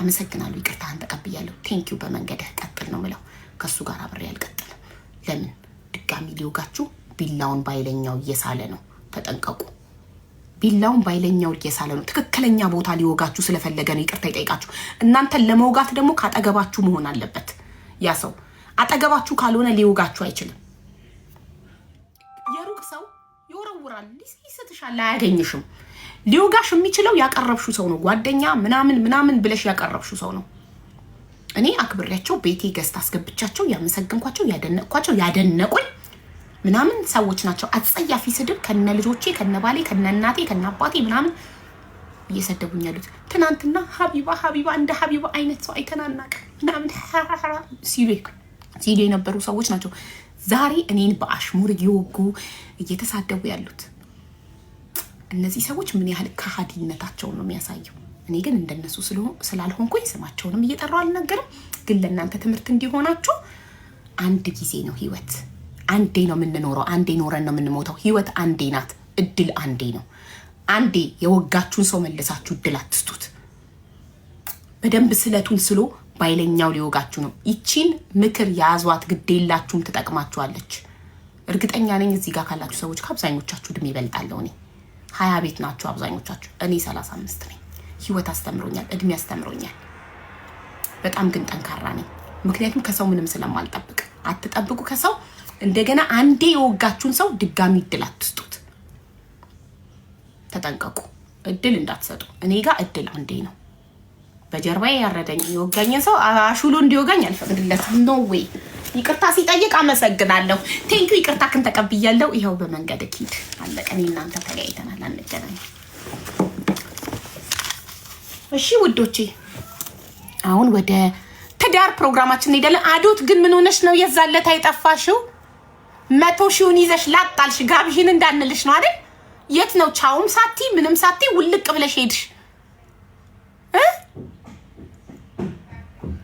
አመሰግናለሁ፣ ይቅርታህን ተቀብያለሁ፣ ቴንኪው፣ በመንገድህ ቀጥል ነው ምለው። ከእሱ ጋር አብሬ አልቀጥልም። ለምን ድጋሚ ሊወጋችሁ? ቢላውን ባይለኛው እየሳለ ነው፣ ተጠንቀቁ። ቢላውን ባይለኛው እየሳለ ነው። ትክክለኛ ቦታ ሊወጋችሁ ስለፈለገ ነው ይቅርታ ይጠይቃችሁ። እናንተን ለመውጋት ደግሞ ካጠገባችሁ መሆን አለበት ያ ሰው። አጠገባችሁ ካልሆነ ሊወጋችሁ አይችልም። የሩቅ ሰው ይወረውራል፣ ይስትሻል፣ አያገኝሽም። ሊወጋሽ የሚችለው ያቀረብሹ ሰው ነው። ጓደኛ ምናምን ምናምን ብለሽ ያቀረብሹ ሰው ነው። እኔ አክብሬያቸው ቤቴ ገዝት አስገብቻቸው ያመሰግንኳቸው፣ ያደነቅኳቸው፣ ያደነቁኝ ምናምን ሰዎች ናቸው። አጸያፊ ስድብ ከነ ልጆቼ ከነ ባሌ ከነ እናቴ ከነ አባቴ ምናምን እየሰደቡኝ ያሉት። ትናንትና ሀቢባ ሀቢባ እንደ ሀቢባ አይነት ሰው አይተናናቅ ምናምን ሲሉ ሲሉ የነበሩ ሰዎች ናቸው ዛሬ እኔን በአሽሙር እየወጉ እየተሳደቡ ያሉት። እነዚህ ሰዎች ምን ያህል ከሀዲነታቸውን ነው የሚያሳየው። እኔ ግን እንደነሱ ስላልሆንኩኝ ስማቸውንም እየጠራው አልነገርም። ግን ለእናንተ ትምህርት እንዲሆናችሁ አንድ ጊዜ ነው ህይወት፣ አንዴ ነው የምንኖረው፣ አንዴ ኖረን ነው የምንሞተው። ህይወት አንዴ ናት፣ እድል አንዴ ነው። አንዴ የወጋችሁን ሰው መልሳችሁ እድል አትስጡት። በደንብ ስለቱን ስሎ ባይለኛው ሊወጋችሁ ነው። ይቺን ምክር የያዟት፣ ግዴላችሁም ትጠቅማችኋለች። እርግጠኛ ነኝ እዚህ ጋር ካላችሁ ሰዎች ከአብዛኞቻችሁ እድሜ ይበልጣለሁ እኔ ሀያ ቤት ናቸው አብዛኞቻችሁ። እኔ ሰላሳ አምስት ነኝ። ህይወት አስተምሮኛል፣ እድሜ አስተምሮኛል። በጣም ግን ጠንካራ ነኝ፣ ምክንያቱም ከሰው ምንም ስለማልጠብቅ። አትጠብቁ ከሰው እንደገና። አንዴ የወጋችሁን ሰው ድጋሚ እድል አትስጡት። ተጠንቀቁ፣ እድል እንዳትሰጡ። እኔ ጋር እድል አንዴ ነው። በጀርባዬ ያረደኝ የወጋኝን ሰው አሹሎ እንዲወጋኝ አልፈቅድለትም። ኖ ዌይ ይቅርታ ሲጠይቅ አመሰግናለሁ። ቴንኪ ይቅርታ ክን ተቀብያለሁ። ይኸው በመንገድ ኪድ አለቀን። እናንተ ተለያይተናል፣ አንገናኝ። እሺ ውዶቼ፣ አሁን ወደ ትዳር ፕሮግራማችን እንሄዳለን። አዶት ግን ምን ሆነሽ ነው የዛን ዕለት የጠፋሽው? መቶ ሺውን ይዘሽ ላጣልሽ ጋብዥን እንዳንልሽ ነው አይደል? የት ነው ቻውም ሳቲ ምንም ሳቲ ውልቅ ብለሽ ሄድሽ?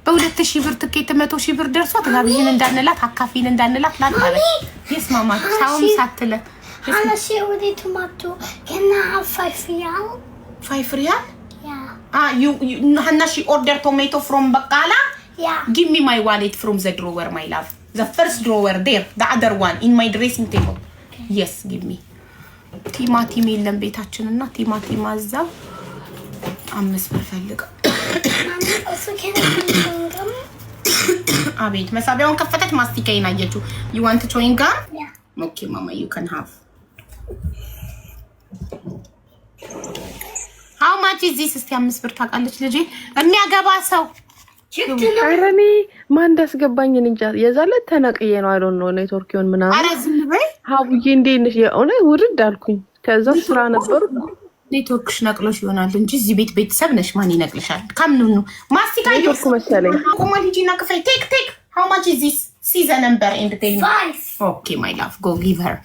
በሁለት ሺህ ብር ትኬት መቶ ሺህ ብር ደርሷት ጋብዥን እንዳንላት አካፊን እንዳንላት ላጣለ ይስማማ ሳውም ሳትለ አነሽ ወደ ቶማቶ ከና ፋይፍ ሪያል ፋይፍ ሪያል ያ አ ዩ ሀናሺ ኦርደር ቶሜቶ ፍሮም በቃላ ያ ጊቭ ሚ ማይ ዋሌት ፍሮም ዘ ድሮወር ማይ ላቭ ዘ ፈርስት ድሮወር ዴር ዘ አደር ዋን ኢን ማይ ድሬሲንግ ቴብል የስ ጊቭ ሚ ቲማቲም የለም ቤታችን እና ቲማቲም አዛብ አምስት ብር ፈልግ አቤት መሳቢያውን ከፈተች። ማስቲካዬን አየችው። ዩ ዋንት ቾይንግ ጋም? ኦኬ ማማ ዩ ካን ሃቭ ሃው ማች ኢዝ ዚስ? እስቲ አምስት ብር ታውቃለች ልጄ የሚያገባ ሰው ኧረ እኔ ማን እንዳስገባኝ እንጃ። የዛለት ተነቅዬ ነው አይዶን ነው ኔትወርኪውን ምናምን። ሀቡዬ እንዴት ነሽ? የእውነት ውድድ አልኩኝ። ከዛም ስራ ነበር ኔትወርክሽ ነቅሎሽ ይሆናል እንጂ እዚህ ቤት ቤተሰብ ነሽ። ማን ይነቅልሻል? ካምኑ ነው ማስቲካ ኔትወርክ መሰለኝ። ኮማል ሂጂ ክፈይ። ቴክ ቴክ ሃው ማች ኢዝ ዚስ ሲዘ ነምበር ኤንድ ኦኬ ማይ ላቭ ጎ ጊቭ ሄር።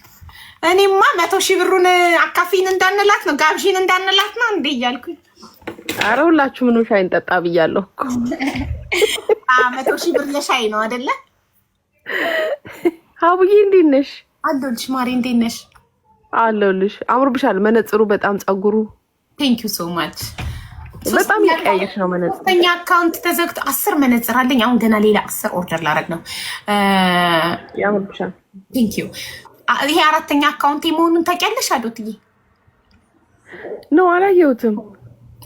እኔማ መቶ ሺህ ብሩን አካፊን እንዳንላት ነው ጋብዥን እንዳንላት ነው እንዴ እያልኩ አረ ሁላችሁ ምኑ ሻይ እንጠጣ ብያለሁ እኮ መቶ ሺህ ብር ለሻይ ነው አይደለ? አቡዬ እንዴት ነሽ? አዶልሽ ማሪ እንዴት ነሽ? አለሁልሽ። አምሮብሻል። መነጽሩ በጣም ጸጉሩ። ቴንክ ዩ ሶ ማች። በጣም የቀያየሽ ነው መነጽር። ሶስተኛ አካውንት ተዘግቶ አስር መነጽር አለኝ። አሁን ገና ሌላ አስር ኦርደር ላረግ ነው። ያምርብሻል። ቴንክ ዩ። ይሄ አራተኛ አካውንት መሆኑን ታውቂያለሽ አዶትዬ? ነው አላየሁትም።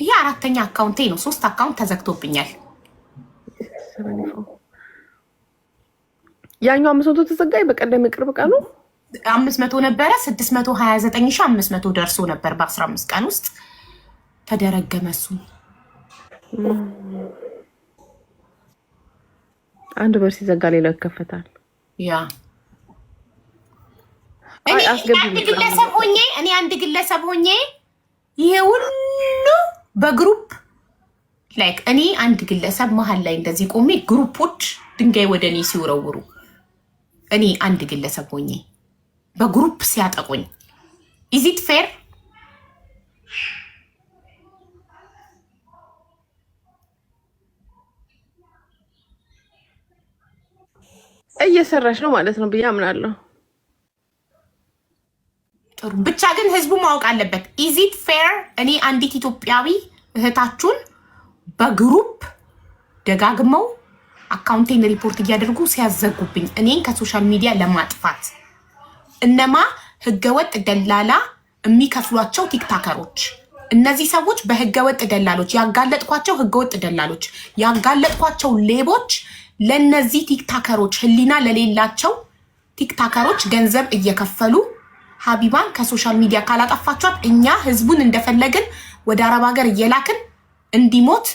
ይሄ አራተኛ አካውንቴ ነው። ሶስት አካውንት ተዘግቶብኛል። ያኛው አምስት መቶ ተዘጋኝ በቀደም ቅርብ ቀኑ አምስት መቶ ነበረ ስድስት መቶ ሀያ ዘጠኝ ሺ አምስት መቶ ደርሶ ነበር በአስራ አምስት ቀን ውስጥ ተደረገመ። እሱ አንድ በር ሲዘጋ ሌላው ይከፈታል። ያ እኔ አንድ ግለሰብ ሆኜ እኔ አንድ ግለሰብ ሆኜ ይሄ ሁሉ በግሩፕ ላይክ እኔ አንድ ግለሰብ መሀል ላይ እንደዚህ ቆሜ ግሩፖች ድንጋይ ወደ እኔ ሲወረውሩ እኔ አንድ ግለሰብ ሆኜ በግሩፕ ሲያጠቁኝ ኢዚት ፌር እየሰራች ነው ማለት ነው ብዬ አምናለሁ። ጥሩ ብቻ ግን ህዝቡ ማወቅ አለበት። ኢዚት ፌር እኔ አንዲት ኢትዮጵያዊ እህታችሁን በግሩፕ ደጋግመው አካውንቴን ሪፖርት እያደርጉ ሲያዘጉብኝ እኔን ከሶሻል ሚዲያ ለማጥፋት እነማ ህገወጥ ደላላ የሚከፍሏቸው ቲክታከሮች እነዚህ ሰዎች በህገወጥ ደላሎች ያጋለጥኳቸው ህገወጥ ደላሎች ያጋለጥኳቸው ሌቦች ለነዚህ ቲክታከሮች ህሊና ለሌላቸው ቲክታከሮች ገንዘብ እየከፈሉ ሀቢባን ከሶሻል ሚዲያ ካላጠፋችኋት እኛ ህዝቡን እንደፈለግን ወደ አረብ ሀገር እየላክን እንዲሞት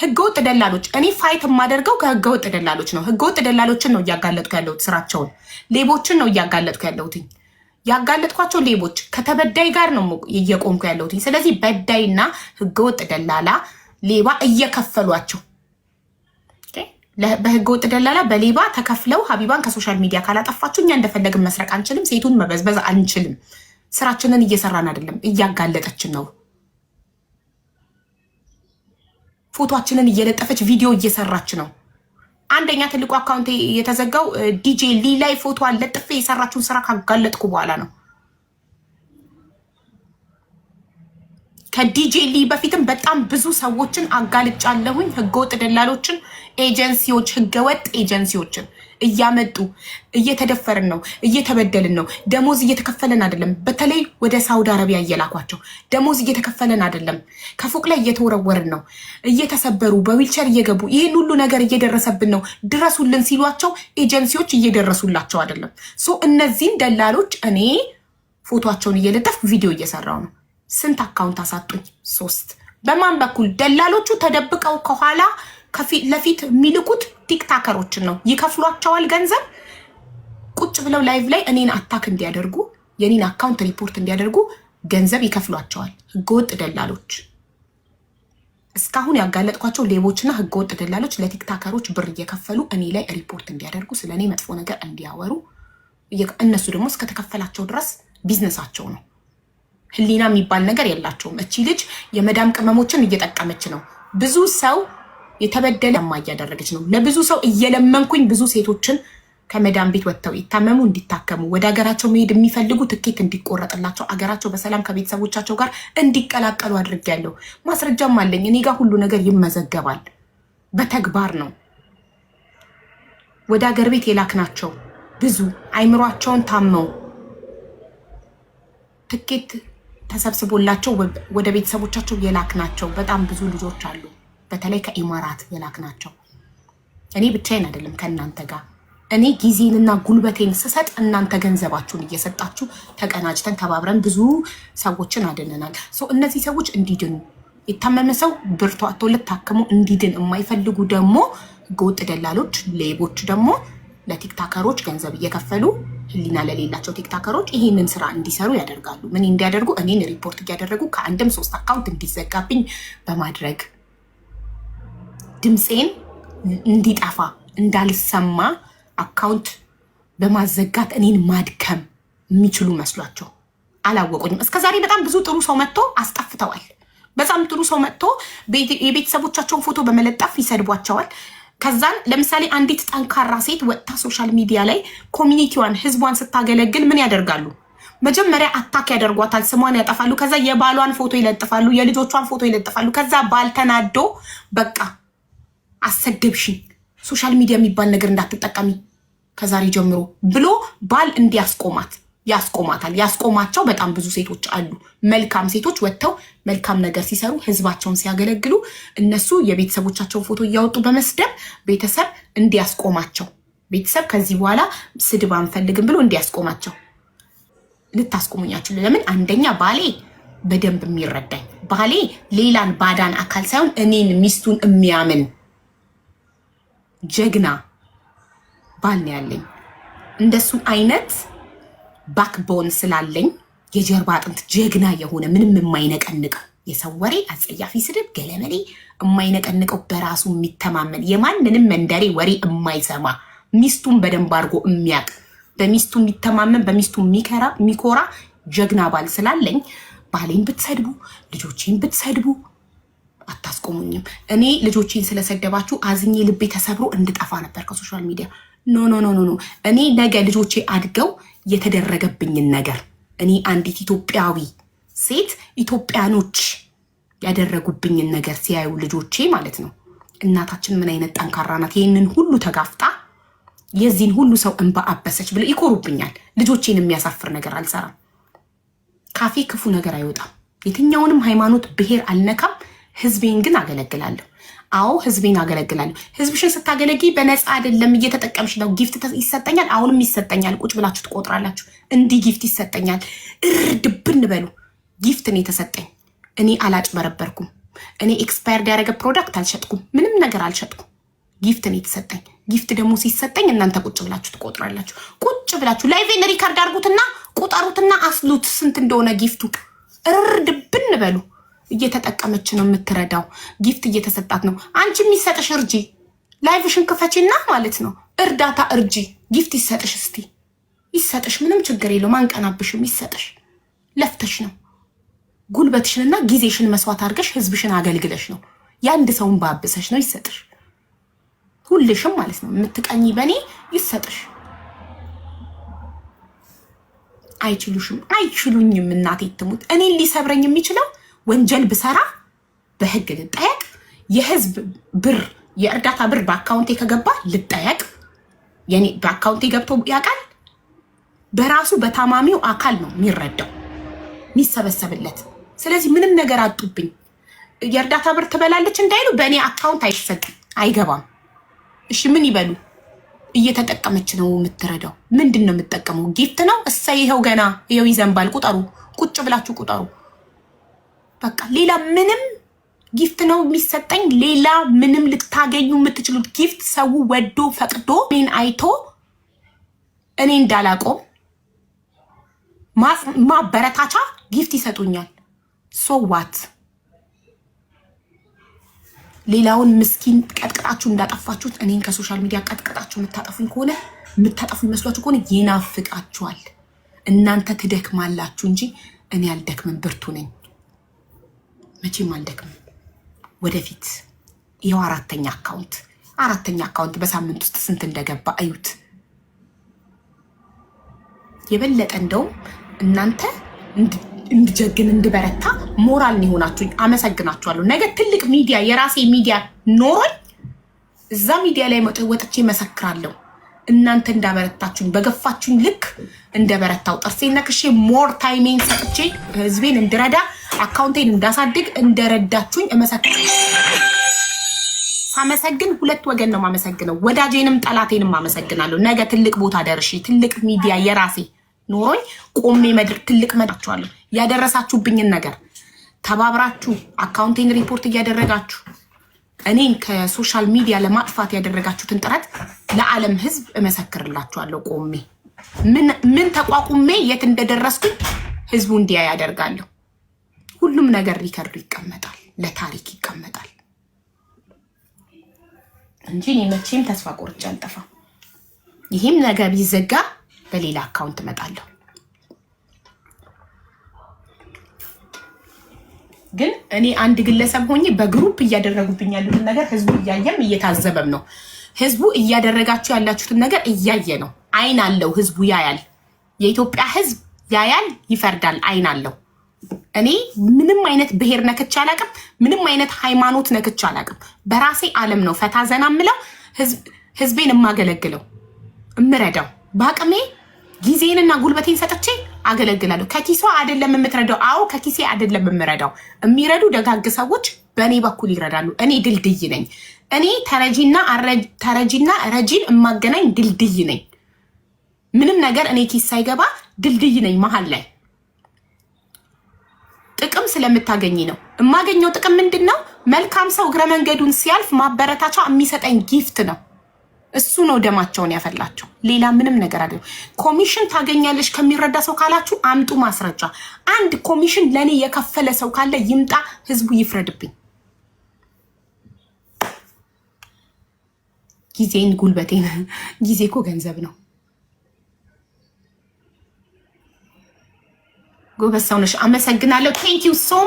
ህገወጥ ደላሎች እኔ ፋይት የማደርገው ከህገወጥ ደላሎች ነው። ህገወጥ ደላሎችን ነው እያጋለጥኩ ያለሁት፣ ስራቸውን፣ ሌቦችን ነው እያጋለጥኩ ያለሁትኝ። ያጋለጥኳቸው ሌቦች ከተበዳይ ጋር ነው እየቆምኩ ያለሁትኝ። ስለዚህ በዳይና ህገወጥ ደላላ ሌባ እየከፈሏቸው በህገወጥ ደላላ በሌባ ተከፍለው ሀቢባን ከሶሻል ሚዲያ ካላጠፋችሁ እኛ እንደፈለግን መስረቅ አንችልም፣ ሴቱን መበዝበዝ አንችልም። ስራችንን እየሰራን አይደለም፣ እያጋለጠችን ነው። ፎቶችንን እየለጠፈች ቪዲዮ እየሰራች ነው። አንደኛ ትልቁ አካውንት የተዘጋው ዲጄ ሊ ላይ ፎቶዋን ለጥፌ የሰራችውን ስራ ካጋለጥኩ በኋላ ነው። ከዲጄ ሊ በፊትም በጣም ብዙ ሰዎችን አጋልጫለሁኝ፣ ህገወጥ ደላሎችን፣ ኤጀንሲዎች፣ ህገወጥ ኤጀንሲዎችን እያመጡ እየተደፈርን ነው፣ እየተበደልን ነው። ደሞዝ እየተከፈለን አይደለም። በተለይ ወደ ሳውዲ አረቢያ እየላኳቸው ደሞዝ እየተከፈለን አይደለም። ከፎቅ ላይ እየተወረወርን ነው፣ እየተሰበሩ በዊልቸር እየገቡ ይህን ሁሉ ነገር እየደረሰብን ነው፣ ድረሱልን ሲሏቸው ኤጀንሲዎች እየደረሱላቸው አይደለም። ሶ እነዚህን ደላሎች እኔ ፎቶቸውን እየለጠፍ ቪዲዮ እየሰራው ነው። ስንት አካውንት አሳጡኝ? ሶስት። በማን በኩል? ደላሎቹ ተደብቀው ከኋላ ለፊት የሚልኩት ቲክታከሮችን ነው። ይከፍሏቸዋል ገንዘብ ቁጭ ብለው ላይቭ ላይ እኔን አታክ እንዲያደርጉ የኔን አካውንት ሪፖርት እንዲያደርጉ ገንዘብ ይከፍሏቸዋል። ህገወጥ ደላሎች እስካሁን ያጋለጥኳቸው ሌቦችና ህገወጥ ደላሎች ለቲክታከሮች ብር እየከፈሉ እኔ ላይ ሪፖርት እንዲያደርጉ ስለ እኔ መጥፎ ነገር እንዲያወሩ እነሱ ደግሞ እስከተከፈላቸው ድረስ ቢዝነሳቸው ነው። ህሊና የሚባል ነገር የላቸውም። እቺ ልጅ የመዳም ቅመሞችን እየጠቀመች ነው ብዙ ሰው የተበደለ ማ እያደረገች ነው። ለብዙ ሰው እየለመንኩኝ ብዙ ሴቶችን ከመዳን ቤት ወጥተው ይታመሙ እንዲታከሙ ወደ ሀገራቸው መሄድ የሚፈልጉ ትኬት እንዲቆረጥላቸው አገራቸው በሰላም ከቤተሰቦቻቸው ጋር እንዲቀላቀሉ አድርጌያለሁ። ማስረጃም አለኝ። እኔ ጋር ሁሉ ነገር ይመዘገባል። በተግባር ነው ወደ ሀገር ቤት የላክናቸው ብዙ አይምሯቸውን ታመው ትኬት ተሰብስቦላቸው ወደ ቤተሰቦቻቸው የላክናቸው በጣም ብዙ ልጆች አሉ። በተለይ ከኢማራት የላክ ናቸው። እኔ ብቻዬን አይደለም ከእናንተ ጋር እኔ ጊዜንና ጉልበቴን ስሰጥ እናንተ ገንዘባችሁን እየሰጣችሁ ተቀናጅተን ተባብረን ብዙ ሰዎችን አድነናል። እነዚህ ሰዎች እንዲድኑ የታመመ ሰው ብርቱ አቶ ልታከሙ እንዲድን የማይፈልጉ ደግሞ ህገወጥ ደላሎች፣ ሌቦች ደግሞ ለቲክታከሮች ገንዘብ እየከፈሉ ህሊና ለሌላቸው ቲክታከሮች ይህንን ስራ እንዲሰሩ ያደርጋሉ። ምን እንዲያደርጉ እኔን ሪፖርት እያደረጉ ከአንድም ሶስት አካውንት እንዲዘጋብኝ በማድረግ ድምፄን እንዲጠፋ እንዳልሰማ አካውንት በማዘጋት እኔን ማድከም የሚችሉ መስሏቸው አላወቁኝም። እስከዛሬ በጣም ብዙ ጥሩ ሰው መጥቶ አስጠፍተዋል። በጣም ጥሩ ሰው መጥቶ የቤተሰቦቻቸውን ፎቶ በመለጠፍ ይሰድቧቸዋል። ከዛን ለምሳሌ አንዲት ጠንካራ ሴት ወጥታ ሶሻል ሚዲያ ላይ ኮሚኒቲዋን ህዝቧን ስታገለግል ምን ያደርጋሉ? መጀመሪያ አታክ ያደርጓታል፣ ስሟን ያጠፋሉ። ከዛ የባሏን ፎቶ ይለጥፋሉ፣ የልጆቿን ፎቶ ይለጥፋሉ። ከዛ ባል ተናዶ በቃ አሰደብሽኝ፣ ሶሻል ሚዲያ የሚባል ነገር እንዳትጠቀሚ ከዛሬ ጀምሮ ብሎ ባል እንዲያስቆማት ያስቆማታል። ያስቆማቸው በጣም ብዙ ሴቶች አሉ። መልካም ሴቶች ወጥተው መልካም ነገር ሲሰሩ፣ ህዝባቸውን ሲያገለግሉ፣ እነሱ የቤተሰቦቻቸውን ፎቶ እያወጡ በመስደብ ቤተሰብ እንዲያስቆማቸው ቤተሰብ ከዚህ በኋላ ስድብ አንፈልግም ብሎ እንዲያስቆማቸው ልታስቆሙኛችሁ። ለምን? አንደኛ ባሌ በደንብ የሚረዳኝ ባሌ ሌላን ባዳን አካል ሳይሆን እኔን ሚስቱን የሚያምን ጀግና ባል ነው ያለኝ። እንደሱ አይነት ባክቦን ስላለኝ የጀርባ አጥንት ጀግና የሆነ ምንም የማይነቀንቀው የሰው ወሬ፣ አጸያፊ ስድብ፣ ገለመሌ የማይነቀንቀው በራሱ የሚተማመን የማንንም መንደሬ ወሬ የማይሰማ ሚስቱን በደንብ አድርጎ የሚያቅ በሚስቱ የሚተማመን በሚስቱ የሚኮራ ጀግና ባል ስላለኝ ባሌን ብትሰድቡ ልጆቼን ብትሰድቡ አታስቆሙኝም። እኔ ልጆቼን ስለሰደባችሁ አዝኜ ልቤ ተሰብሮ እንድጠፋ ነበር ከሶሻል ሚዲያ። ኖ ኖ ኖ ኖ። እኔ ነገ ልጆቼ አድገው የተደረገብኝን ነገር እኔ አንዲት ኢትዮጵያዊ ሴት ኢትዮጵያኖች ያደረጉብኝን ነገር ሲያዩ ልጆቼ ማለት ነው እናታችን ምን አይነት ጠንካራ ናት፣ ይህንን ሁሉ ተጋፍጣ የዚህን ሁሉ ሰው እንባ አበሰች ብለው ይኮሩብኛል። ልጆቼን የሚያሳፍር ነገር አልሰራም። ካፌ ክፉ ነገር አይወጣም። የትኛውንም ሃይማኖት፣ ብሔር አልነካም። ህዝቤን ግን አገለግላለሁ። አዎ ህዝቤን አገለግላለሁ። ህዝብሽን ስታገለግይ በነፃ አይደለም እየተጠቀምሽ ነው። ጊፍት ይሰጠኛል፣ አሁንም ይሰጠኛል። ቁጭ ብላችሁ ትቆጥራላችሁ። እንዲህ ጊፍት ይሰጠኛል፣ እርድ ብንበሉ ጊፍት እኔ የተሰጠኝ እኔ አላጭበረበርኩም። እኔ ኤክስፓየርድ ያደረገ ፕሮዳክት አልሸጥኩም። ምንም ነገር አልሸጥኩም። ጊፍት እኔ የተሰጠኝ። ጊፍት ደግሞ ሲሰጠኝ እናንተ ቁጭ ብላችሁ ትቆጥራላችሁ። ቁጭ ብላችሁ ላይቬን ሪካርድ አድርጉትና ቁጠሩትና አስሉት ስንት እንደሆነ ጊፍቱ። እርድብን በሉ። እየተጠቀመች ነው የምትረዳው። ጊፍት እየተሰጣት ነው። አንቺ የሚሰጥሽ እርጂ። ላይቭሽን ክፈቼና ማለት ነው እርዳታ እርጂ። ጊፍት ይሰጥሽ፣ እስቲ ይሰጥሽ። ምንም ችግር የለው። ማንቀናብሽም ይሰጥሽ። ለፍተሽ ነው ጉልበትሽንና ጊዜሽን መስዋዕት አድርገሽ ህዝብሽን አገልግለሽ ነው የአንድ ሰውን ባብሰሽ ነው። ይሰጥሽ። ሁልሽም ማለት ነው የምትቀኝ በእኔ ይሰጥሽ። አይችሉሽም። አይችሉኝም። እናቴ ትሙት እኔን ሊሰብረኝ የሚችለው ወንጀል ብሰራ በህግ ልጠየቅ፣ የህዝብ ብር የእርዳታ ብር በአካውንቴ ከገባ ልጠየቅ። የኔ በአካውንቴ ገብቶ ያውቃል። በራሱ በታማሚው አካል ነው የሚረዳው የሚሰበሰብለት። ስለዚህ ምንም ነገር አጡብኝ የእርዳታ ብር ትበላለች እንዳይሉ በእኔ አካውንት አይሰጥ አይገባም። እሺ ምን ይበሉ? እየተጠቀመች ነው የምትረዳው። ምንድን ነው የምትጠቀመው? ጊፍት ነው። እሰይ፣ ይኸው ገና ይኸው ይዘንባል። ቁጠሩ፣ ቁጭ ብላችሁ ቁጠሩ። በቃ ሌላ ምንም ጊፍት ነው የሚሰጠኝ። ሌላ ምንም ልታገኙ የምትችሉት ጊፍት ሰው ወዶ ፈቅዶ እኔን አይቶ እኔ እንዳላቆም ማበረታቻ ጊፍት ይሰጡኛል። ሶ ዋት ሌላውን ምስኪን ቀጥቅጣችሁ እንዳጠፋችሁት እኔን ከሶሻል ሚዲያ ቀጥቅጣችሁ የምታጠፉኝ ከሆነ የምታጠፉ ይመስሏችሁ ከሆነ ይናፍቃችኋል። እናንተ ትደክማላችሁ እንጂ እኔ አልደክምም፣ ብርቱ ነኝ። መቼም አልደክም። ወደፊት ይኸው አራተኛ አካውንት አራተኛ አካውንት በሳምንት ውስጥ ስንት እንደገባ አዩት የበለጠ እንደውም እናንተ እንድጀግን እንድበረታ ሞራል የሆናችሁ አመሰግናችኋለሁ። ነገ ትልቅ ሚዲያ የራሴ ሚዲያ ኖሮኝ እዛ ሚዲያ ላይ ወጥቼ መሰክራለሁ። እናንተ እንዳበረታችሁኝ በገፋችሁኝ ልክ እንደበረታው ጥርሴ ነክሼ ሞር ታይሜን ሰጥቼ ህዝቤን እንድረዳ አካውንቴን እንዳሳድግ እንደረዳችሁኝ እመሰክር። ሳመሰግን ሁለት ወገን ነው ማመሰግነው፣ ወዳጄንም ጠላቴንም አመሰግናለሁ። ነገ ትልቅ ቦታ ደርሼ ትልቅ ሚዲያ የራሴ ኖሮኝ ቆሜ መድር ትልቅ መዳችኋለሁ። ያደረሳችሁብኝን ነገር ተባብራችሁ አካውንቴን ሪፖርት እያደረጋችሁ እኔን ከሶሻል ሚዲያ ለማጥፋት ያደረጋችሁትን ጥረት ለዓለም ሕዝብ እመሰክርላችኋለሁ። ቆሜ ምን ተቋቁሜ የት እንደደረስኩኝ ሕዝቡ እንዲያ ያደርጋለሁ። ሁሉም ነገር ሪከርዱ ይቀመጣል፣ ለታሪክ ይቀመጣል እንጂ እኔ መቼም ተስፋ ቆርጬ አልጠፋም። ይህም ነገር ቢዘጋ በሌላ አካውንት እመጣለሁ። ግን እኔ አንድ ግለሰብ ሆኜ በግሩፕ እያደረጉብኝ ያሉትን ነገር ህዝቡ እያየም እየታዘበም ነው። ህዝቡ እያደረጋችሁ ያላችሁትን ነገር እያየ ነው። አይን አለው፣ ህዝቡ ያያል። የኢትዮጵያ ህዝብ ያያል፣ ይፈርዳል። አይን አለው። እኔ ምንም አይነት ብሔር ነክቼ አላቅም። ምንም አይነት ሃይማኖት ነክቼ አላቅም። በራሴ አለም ነው ፈታ ዘና ምለው ህዝቤን የማገለግለው እምረዳው በአቅሜ ጊዜንና ጉልበቴን ሰጥቼ አገለግላለሁ። ከኪሷ አይደለም የምትረዳው። አዎ ከኪሴ አይደለም የምረዳው። የሚረዱ ደጋግ ሰዎች በእኔ በኩል ይረዳሉ። እኔ ድልድይ ነኝ። እኔ ተረጂና ተረጂና ረጂን የማገናኝ ድልድይ ነኝ። ምንም ነገር እኔ ኪስ ሳይገባ ድልድይ ነኝ መሀል ላይ ጥቅም ስለምታገኝ ነው። የማገኘው ጥቅም ምንድን ነው? መልካም ሰው እግረ መንገዱን ሲያልፍ ማበረታቻ የሚሰጠኝ ጊፍት ነው። እሱ ነው ደማቸውን ያፈላቸው። ሌላ ምንም ነገር አለ። ኮሚሽን ታገኛለች ከሚረዳ ሰው ካላችሁ አምጡ ማስረጃ። አንድ ኮሚሽን ለእኔ የከፈለ ሰው ካለ ይምጣ፣ ህዝቡ ይፍረድብኝ። ጊዜን ጉልበቴን፣ ጊዜ እኮ ገንዘብ ነው። ጎበዝ ሰው ነሽ። አመሰግናለሁ። ቴንክ ሶ